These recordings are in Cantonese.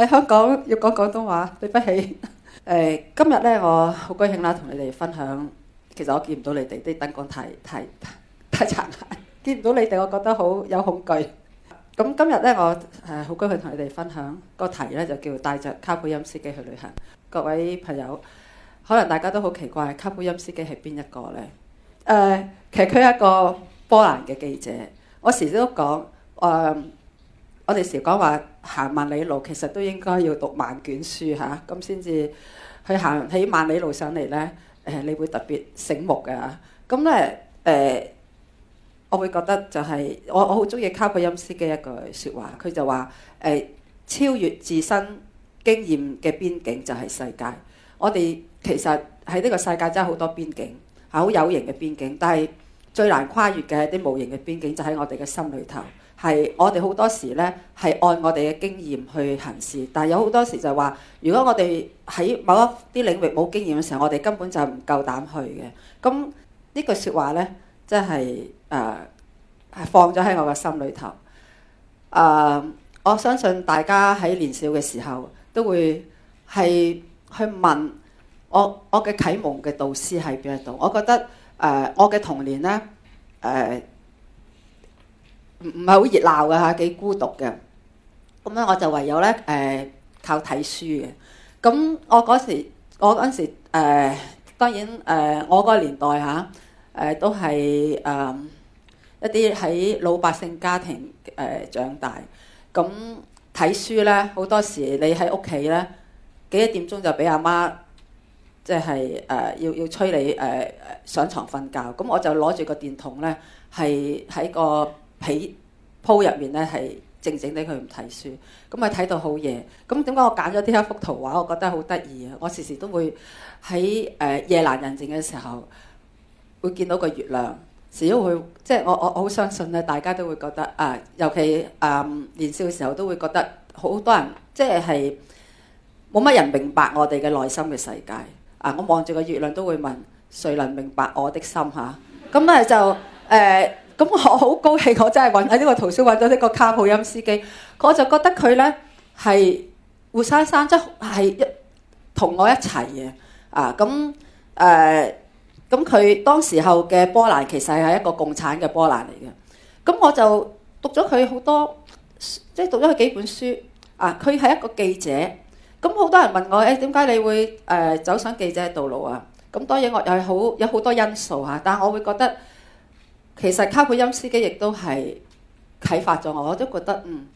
喺香港要講廣東話，對不起。誒，今日咧我好高興啦，同你哋分享。其實我見唔到你哋啲燈光太太太殘，見唔到你哋我覺得好有恐懼。咁今日咧我誒好高興同你哋分享個題咧就叫帶著卡布欽斯基去旅行。各位朋友，可能大家都好奇怪卡布欽斯基係邊一個咧？誒，其實佢係一個波蘭嘅記者。我時時都講誒，我哋時講話。行萬里路，其實都應該要讀萬卷書嚇，咁先至去行起萬里路上嚟呢，誒、呃，你會特別醒目嘅嚇。咁咧誒，我會覺得就係、是、我我好中意卡布欽斯基嘅一句説話，佢就話誒、呃、超越自身經驗嘅邊境就係世界。我哋其實喺呢個世界真係好多邊境，係、啊、好有形嘅邊境，但係最難跨越嘅一啲無形嘅邊境，就喺我哋嘅心裏頭。係，我哋好多時呢，係按我哋嘅經驗去行事，但係有好多時就係話，如果我哋喺某一啲領域冇經驗嘅時候，我哋根本就唔夠膽去嘅。咁呢句説話呢，真係誒、呃、放咗喺我嘅心裡頭。誒、呃，我相信大家喺年少嘅時候都會係去問我我嘅啟蒙嘅導師係邊一度？我覺得誒、呃，我嘅童年呢。誒、呃。唔唔係好熱鬧嘅嚇，幾孤獨嘅。咁咧我就唯有咧誒、呃、靠睇書嘅。咁我嗰時我嗰時誒、呃、當然誒、呃、我嗰個年代嚇誒、呃、都係誒、呃、一啲喺老百姓家庭誒、呃、長大。咁睇書咧好多時你喺屋企咧幾一點鐘就俾阿媽即係誒要要催你誒、呃、上床瞓覺。咁我就攞住個電筒咧係喺個被。鋪入面咧係靜靜地，佢唔睇書，咁啊睇到好夜。咁點解我揀咗呢一幅圖畫？我覺得好得意啊！我時時都會喺誒、呃、夜闌人靜嘅時候，會見到個月亮，時而會即係、就是、我我好相信咧，大家都會覺得啊，尤其啊、呃、年少嘅時候都會覺得好多人即係冇乜人明白我哋嘅內心嘅世界啊！我望住個月亮都會問：誰能明白我的心？嚇咁啊就誒。呃咁我好高興，我真係揾喺呢個圖書揾咗呢個卡普欽斯基，我就覺得佢咧係活生生即係一同我一齊嘅啊！咁誒，咁佢當時候嘅波蘭其實係一個共產嘅波蘭嚟嘅。咁我就讀咗佢好多，即係讀咗佢幾本書啊！佢係一個記者，咁好多人問我誒點解你會誒走上記者嘅道路啊？咁當然我又係好有好多因素嚇，但我會覺得。其實卡普欽斯基亦都係啟發咗我，我都覺得嗯，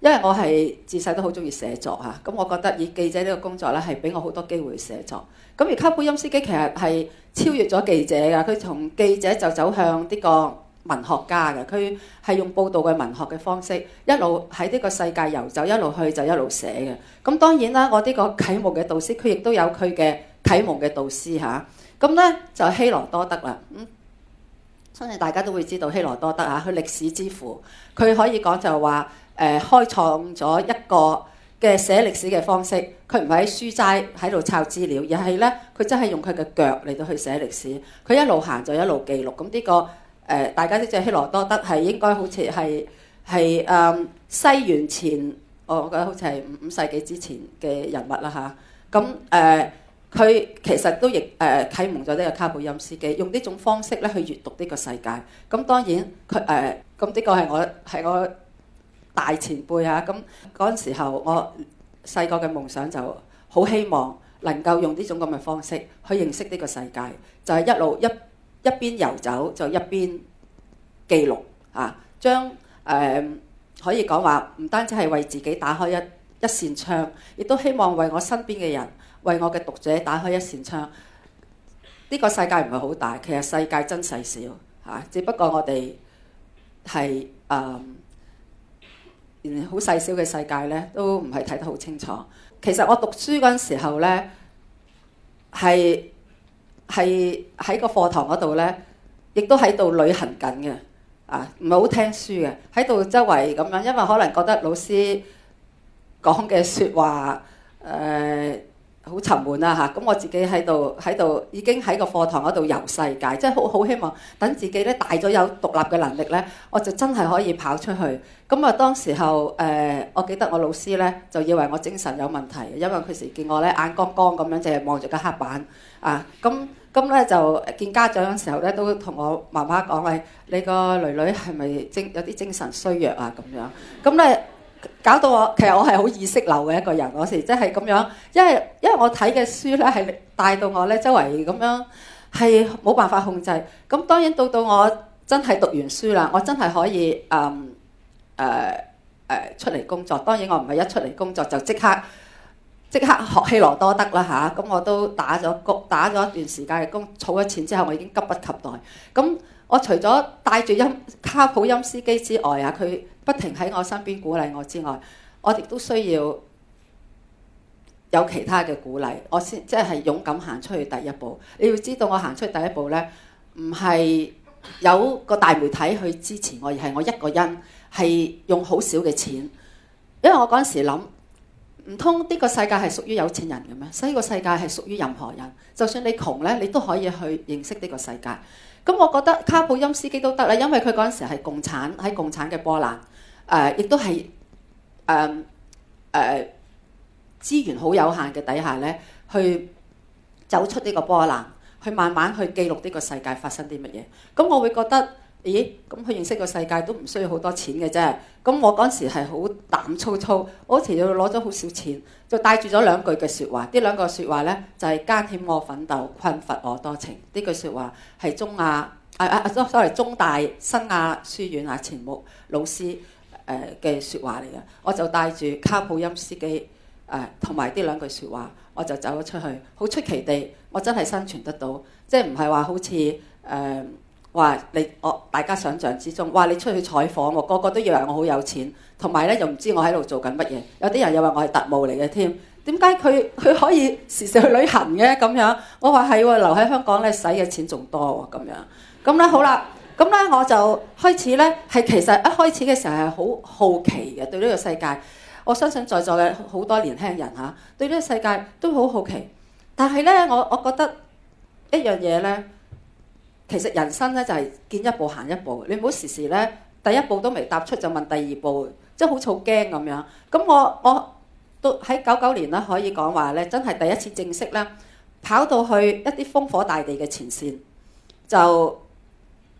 因為我係自細都好中意寫作嚇，咁我覺得以記者呢個工作咧，係俾我好多機會寫作。咁而卡普欽斯基其實係超越咗記者嘅，佢從記者就走向呢個文學家嘅，佢係用報道嘅文學嘅方式，一路喺呢個世界遊走，一路去就一路寫嘅。咁當然啦，我呢個啟蒙嘅導師，佢亦都有佢嘅啟蒙嘅導師嚇。咁、啊、呢，就希羅多德啦。嗯。相信大家都會知道希羅多德啊，佢歷史之父，佢可以講就係話，誒、呃、開創咗一個嘅寫歷史嘅方式，佢唔係喺書齋喺度抄資料，而係呢，佢真係用佢嘅腳嚟到去寫歷史，佢一路行就一路記錄，咁呢、呢個誒、呃，大家即知，希羅多德係應該好似係係誒西元前，我覺得好似係五五世紀之前嘅人物啦嚇，咁、啊、誒。佢其實都亦誒啟蒙咗呢個卡布欽斯基，用呢種方式咧去閲讀呢個世界。咁當然佢誒咁呢個係我係我大前輩啊！咁嗰陣時候，我細個嘅夢想就好希望能夠用呢種咁嘅方式去認識呢個世界，就係、是、一路一一邊遊走就一邊記錄啊！將誒、呃、可以講話唔單止係為自己打開一一扇窗，亦都希望為我身邊嘅人。為我嘅讀者打開一扇窗，呢、呢個世界唔係好大，其實世界真細小嚇。只不過我哋係誒，好、呃、細小嘅世界呢，都唔係睇得好清楚。其實我讀書嗰陣時候呢，係係喺個課堂嗰度呢，亦都喺度旅行緊嘅啊，唔係好聽書嘅，喺度周圍咁樣，因為可能覺得老師講嘅説話誒，呃好沉悶啦、啊、嚇，咁、啊、我自己喺度喺度已經喺個課堂嗰度遊世界，即係好好希望等自己咧大咗有獨立嘅能力咧，我就真係可以跑出去。咁啊，當時候誒、呃，我記得我老師咧就以為我精神有問題，因為佢時見我咧眼光光咁樣，淨係望住個黑板啊。咁咁咧就見家長嘅時候咧，都同我媽媽講誒，你個女女係咪精有啲精神衰弱啊咁樣？咁咧。 搞到我，其實我係好意識流嘅一個人，嗰時即係咁樣，因為因為我睇嘅書咧係帶到我咧周圍咁樣，係冇辦法控制。咁當然到到我真係讀完書啦，我真係可以誒誒誒出嚟工作。當然我唔係一出嚟工作就即刻即刻，即刻學希羅多德啦吓，咁，啊，我都打咗打咗一段時間嘅工，儲咗錢之後，我已經急不及待咁。我除咗帶住卡布欽斯基之外啊，佢不停喺我身邊鼓勵我之外，我亦都需要有其他嘅鼓勵，我先即係勇敢行出去第一步。你要知道我行出去第一步咧，唔係有個大媒體去支持我，而係我一個人，係用好少嘅錢，因為我嗰陣時諗。唔通呢個世界係屬於有錢人嘅咩？所以個世界係屬於任何人，就算你窮咧，你都可以去認識呢個世界。咁我覺得卡布欽斯基都得啦，因為佢嗰陣時係共產喺共產嘅波蘭，誒、呃、亦都係誒誒資源好有限嘅底下咧，去走出呢個波蘭，去慢慢去記錄呢個世界發生啲乜嘢。咁我會覺得。咦，咁佢認識個世界都唔需要好多錢嘅啫。咁我嗰時係好膽粗粗，我嗰時就攞咗好少錢，就帶住咗兩句嘅説話。呢兩句説話呢，就係艱險我奮鬥，困乏我多情。呢句説話係中亞、啊，啊啊 sorry 中大新亞、啊、書院啊，錢穆老師誒嘅説話嚟嘅。我就帶住卡普欽斯基誒同埋呢兩句説話，我就走咗出去。好出奇地，我真係生存得到，即係唔係話好似誒。啊話你我大家想象之中，話你出去採訪，個個都以為我好有錢，同埋咧又唔知我喺度做緊乜嘢。有啲人又話我係特務嚟嘅添。點解佢佢可以時時去旅行嘅咁樣？我話係喎，留喺香港咧，使嘅錢仲多喎咁樣。咁咧好啦，咁咧我就開始咧係其實一開始嘅時候係好好奇嘅，對呢個世界。我相信在座嘅好多年輕人嚇對呢個世界都好好奇。但係咧我我覺得一樣嘢咧。其實人生咧就係見一步行一步，你唔好時時咧第一步都未踏出就問第二步，即係好似好驚咁樣。咁我我都喺九九年咧可以講話咧，真係第一次正式咧跑到去一啲烽火大地嘅前線，就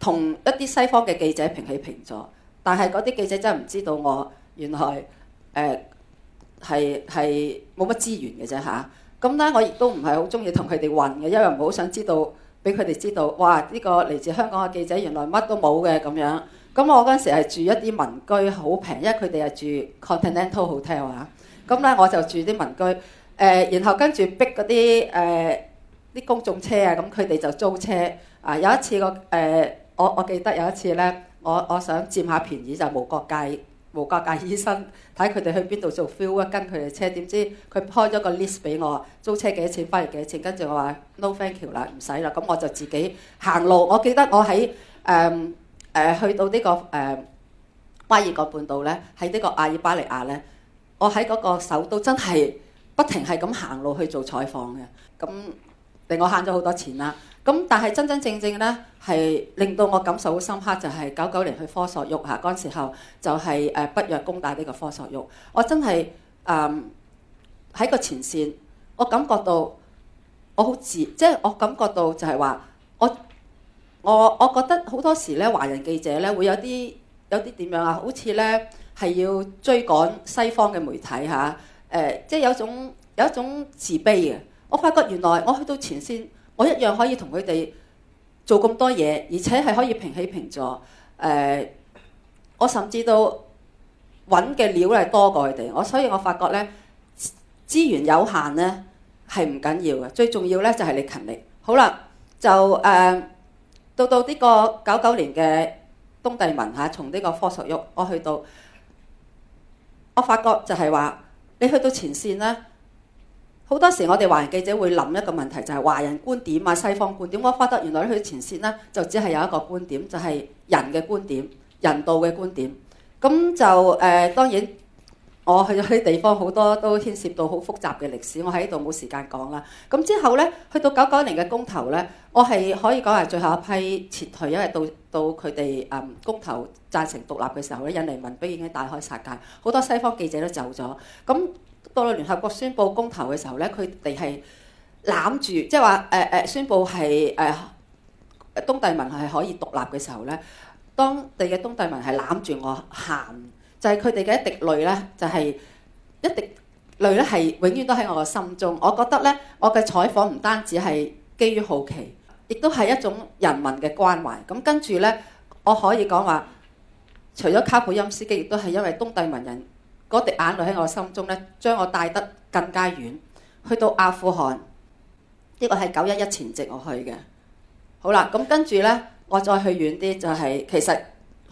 同一啲西方嘅記者平起平坐。但係嗰啲記者真係唔知道我原來誒係係冇乜資源嘅啫嚇。咁、啊、咧我亦都唔係好中意同佢哋混嘅，因為唔好想知道。俾佢哋知道，哇！呢個嚟自香港嘅記者原來乜都冇嘅咁樣。咁我嗰陣時係住一啲民居，好平，因為佢哋係住 Continental Hotel 啊。咁咧我就住啲民居，誒，然後跟住逼嗰啲誒啲公眾車啊，咁佢哋就租車。啊，有一次個誒，我我記得有一次咧，我我想佔下便宜就冇國界。無國界醫生睇佢哋去邊度做 fuel 跟佢哋車，點知佢開咗個 list 俾我，租車幾多錢，返嚟幾多錢？跟住我話 no thank you 啦，唔使啦。咁我就自己行路。我記得我喺誒誒去到、這個呃、呢個誒巴爾幹半島咧，喺呢個阿爾巴尼亞咧，我喺嗰個首都真係不停係咁行路去做採訪嘅，咁令我慳咗好多錢啦。咁但係真真正正咧，係令到我感受好深刻，就係九九年去科索沃嚇，嗰、啊、陣時候就係誒北約攻打呢個科索沃，我真係誒喺個前線，我感覺到我好自，即、就、係、是、我感覺到就係話我我我覺得好多時咧，華人記者咧會有啲有啲點樣啊，好似咧係要追趕西方嘅媒體嚇，誒即係有種有一種自卑嘅。我發覺原來我去到前線。我一樣可以同佢哋做咁多嘢，而且係可以平起平坐。誒、呃，我甚至都揾嘅料係多過佢哋，我所以我發覺咧資源有限咧係唔緊要嘅，最重要咧就係、是、你勤力。好啦，就誒、呃、到到呢個九九年嘅東帝文嚇，從呢個科索沃我去到，我發覺就係話你去到前線咧。好多時我哋華人記者會諗一個問題，就係、是、華人觀點啊、西方觀點，我發覺原來去前線呢，就只係有一個觀點，就係、是、人嘅觀點、人道嘅觀點。咁就誒、呃，當然我去咗啲地方，好多都牽涉到好複雜嘅歷史，我喺度冇時間講啦。咁之後呢，去到九九年嘅公投呢，我係可以講係最後一批撤退，因為到到佢哋誒公投贊成獨立嘅時候咧，印尼民兵已經大開殺戒，好多西方記者都走咗。咁當聯合國宣布公投嘅時候呢，佢哋係攬住，即係話誒誒，宣布係誒、呃、東帝民係可以獨立嘅時候呢，當地嘅東帝民係攬住我行，就係佢哋嘅一滴淚呢，就係、是、一滴淚咧，係永遠都喺我嘅心中。我覺得呢，我嘅採訪唔單止係基於好奇，亦都係一種人民嘅關懷。咁跟住呢，我可以講話，除咗卡普音斯基，亦都係因為東帝文人。我哋眼淚喺我心中咧，將我帶得更加遠，去到阿富汗。呢、這個係九一一前夕我去嘅。好啦，咁跟住呢，我再去遠啲，就係、是、其實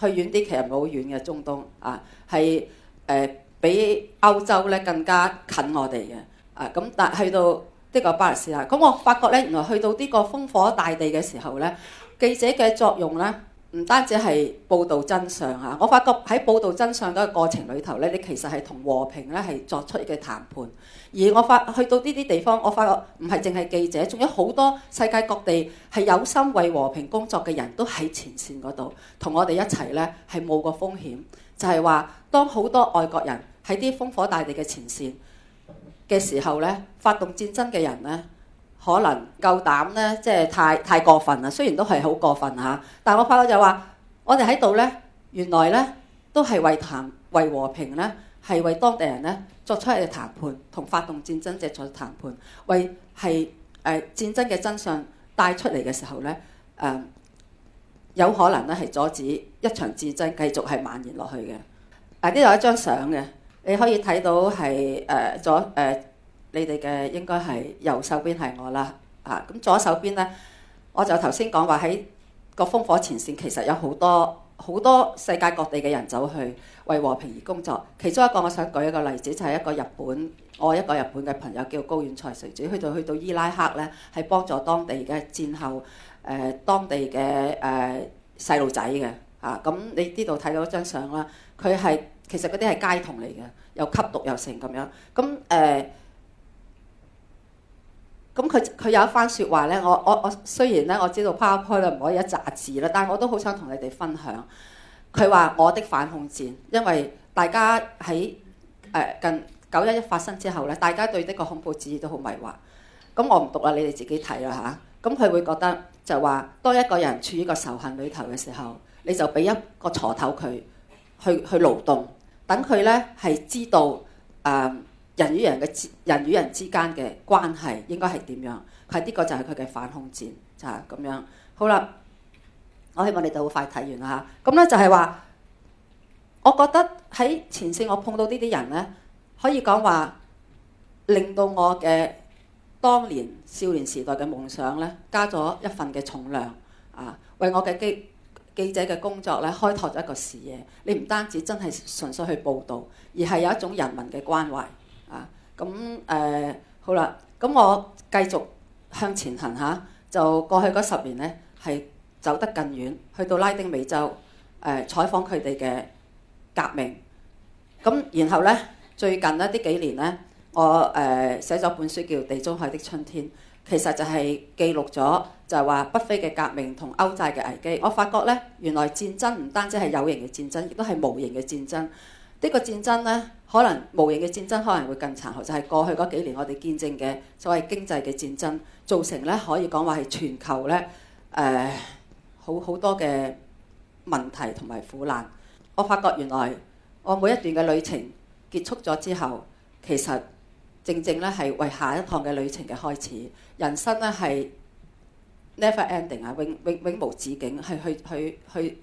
去遠啲，其實冇係好遠嘅中東啊，係誒、呃、比歐洲咧更加近我哋嘅啊。咁但係去到呢、這個巴勒斯坦，咁我發覺呢，原來去到呢個烽火大地嘅時候呢，記者嘅作用呢。唔單止係報導真相嚇，我發覺喺報導真相嘅過程裏頭咧，你其實係同和，和平咧係作出嘅談判。而我發去到呢啲地方，我發覺唔係淨係記者，仲有好多世界各地係有心為和平工作嘅人都喺前線嗰度，同我哋一齊咧係冒個風險。就係、是、話，當好多外國人喺啲烽火大地嘅前線嘅時候咧，發動戰爭嘅人咧。可能夠膽呢，即係太太過分啦。雖然都係好過分嚇，但我發覺就話，我哋喺度呢，原來呢都係為談為和平呢係為當地人呢作出嘅談判同發動戰爭者做談判，為係誒、呃、戰爭嘅真相帶出嚟嘅時候呢，誒、呃，有可能咧係阻止一場戰爭繼續係蔓延落去嘅。誒呢度有一張相嘅，你可以睇到係誒、呃、左誒。呃你哋嘅應該係右手邊係我啦，啊咁左手邊呢，我就頭先講話喺個烽火前線，其實有好多好多世界各地嘅人走去為和平而工作。其中一個我想舉一個例子，就係、是、一個日本，我一個日本嘅朋友叫高遠菜穗子，去到去到伊拉克呢，係幫助當地嘅戰後誒、呃、當地嘅誒細路仔嘅啊。咁你呢度睇到一張相啦，佢係其實嗰啲係街童嚟嘅，又吸毒又成咁樣咁誒。咁佢佢有一番説話咧，我我我雖然咧我知道 PowerPoint 啦，唔可以一紮字啦，但我都好想同你哋分享。佢話我的反恐戰，因為大家喺誒、呃、近九一一發生之後咧，大家對呢個恐怖主義都好迷惑。咁我唔讀啦，你哋自己睇啦吓。咁佢會覺得就話當一個人處於個仇恨裏頭嘅時候，你就俾一個鋤頭佢去去勞動，等佢咧係知道誒。呃人與人嘅人與人之間嘅關係應該係點樣？係、這、呢個就係佢嘅反恐戰，就係、是、咁樣。好啦，我希望你哋都好快睇完啦嚇。咁咧就係話，我覺得喺前線我碰到呢啲人咧，可以講話令到我嘅當年少年時代嘅夢想咧，加咗一份嘅重量啊！為我嘅記記者嘅工作咧，開拓咗一個視野。你唔單止真係純粹去報導，而係有一種人民嘅關懷。咁誒、呃、好啦，咁我繼續向前行嚇，就過去嗰十年呢，係走得更遠，去到拉丁美洲誒、呃，採訪佢哋嘅革命。咁然後呢，最近呢，呢幾年呢，我誒寫咗本書叫《地中海的春天》，其實就係記錄咗就係話北非嘅革命同歐債嘅危機。我發覺呢，原來戰爭唔單止係有形嘅戰爭，亦都係無形嘅戰爭。呢、呢個戰爭呢。可能無形嘅戰爭可能會更殘酷，就係、是、過去嗰幾年我哋見證嘅所謂經濟嘅戰爭造成咧，可以講話係全球咧誒、呃、好好多嘅問題同埋苦難。我發覺原來我每一段嘅旅程結束咗之後，其實正正咧係為下一趟嘅旅程嘅開始。人生咧係 never ending 啊，永永永無止境，係去去去。去去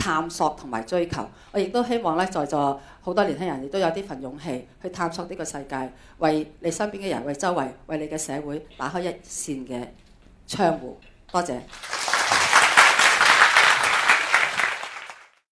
探索同埋追求，我亦都希望咧，在座好多年輕人亦都有呢份勇氣去探索呢個世界，為你身邊嘅人，為周圍，為你嘅社會打開一扇嘅窗戶。多謝。